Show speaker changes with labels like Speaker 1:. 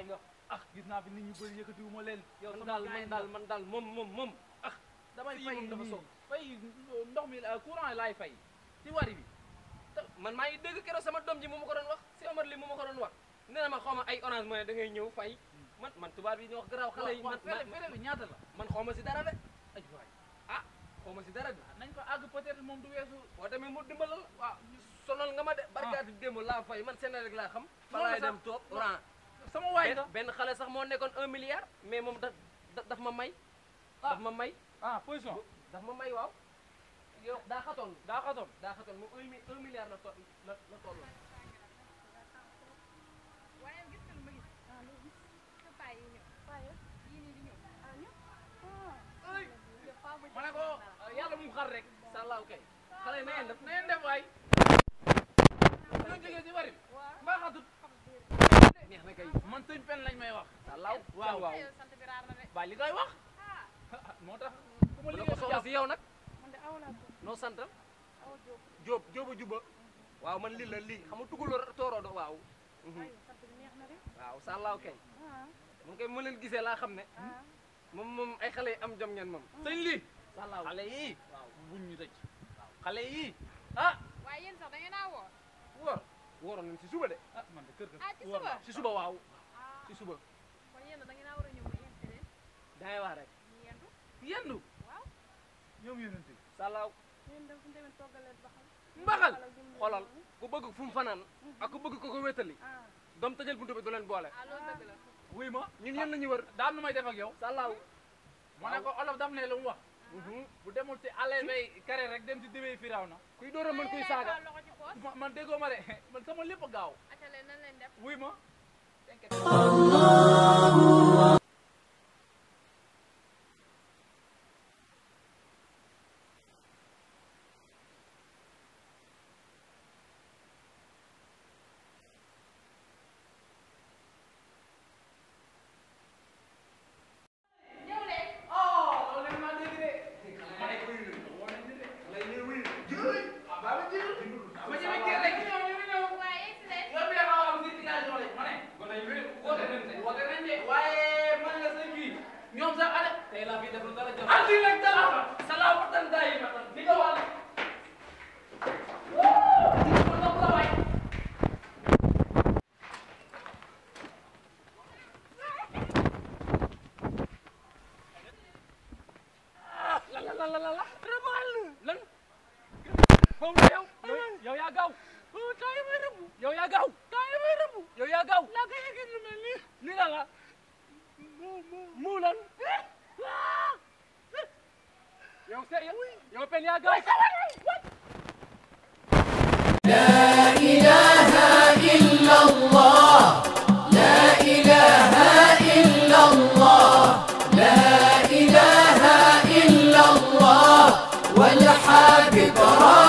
Speaker 1: bàyyi nga ah gis naa fi nit ñu bëri yëkkatiwuma leen. yow sama gars man daal man daal moom moom moom ah. damay fay dafa so fay ndox mi euh, courant laay fay ci wari bi. man maa ngi dégg keroog sama doom ji mu ko doon wax si Omar li mu ma ko doon wax nee na ma xaw ma ay orange mooy da ngay ñëw fay. Hmm. man man tubaab bi ñu wax garaaw xale yi. man man ñaata la. man xaw ma si dara de. ay waay ah xaw ma si dara de. Ah, nañ ko àgg peut-être moom du weesu. waaw tamit mu dimbalal waaw sonal nga ma de. barkaati démb laa fay man seen rek laa xam. fa laay dem toog orange sama waay nga benn xale sax moo nekkoon un milliard mais moom da daf ma may. Ah. daf ma may. ah position daf ma may waaw. yow daa xatoon daa xatoon daa xatoon moom un milliard la to la la tollu ah, ah, ma ne ko yàlla mu xar rek. sallaaw kay xale yi na ngeen def na ngeen def waay. sëñ pen lañ may wax. waaw waaw waaw waaw li ngay wax. Ah. moo ta ku ma si yow nag. noo sant. Diop Diop juba. Mhm. waaw man lii la lii xam nga tooroo do waaw. Mhm. waaw sàllaaw kañ. Ah. moom kay ma leen gisee laa xam ne. Ah. Mhm. moom moom ay xale yi am jom ngeen moom. sëñ lii. waaw a woor. woor wooroon nañ si suba de. si suba waaw. ci suba. kon yéen da a war a ñëw ba yéen feneen. dangay wax rek. yendu yendu. waaw. ñoom a ngi salaaw. ñoom dem fu mu demee ku bëgg fu mu fanaan mhm. ak ku bëgg ko ko wétali. Ah. doom tëjal buntu bi du leen boole. ah loolu la. wuy ma ñun yéen nañu wër. daam nu may def ak yow. salaaw. Mhm. mu na ko olof daf ne lu mu wax. Ah. Mhm. bu demul ci allé bay kare rek dem ci diwee firaaw na. kuy door a mën kuy saaga man déggoo ma de man sama lépp a gaaw. wuy ma Allah. def dara jëf anti nag dara salaamatan daayimatan di nga wàll yow yaa gaaw. laa koy yëgee lu mel nii. lii la la. mu mu mu lan. يوم يوم لا إله إلا الله لا إله إلا الله لا إله إلا الله والحبيب رب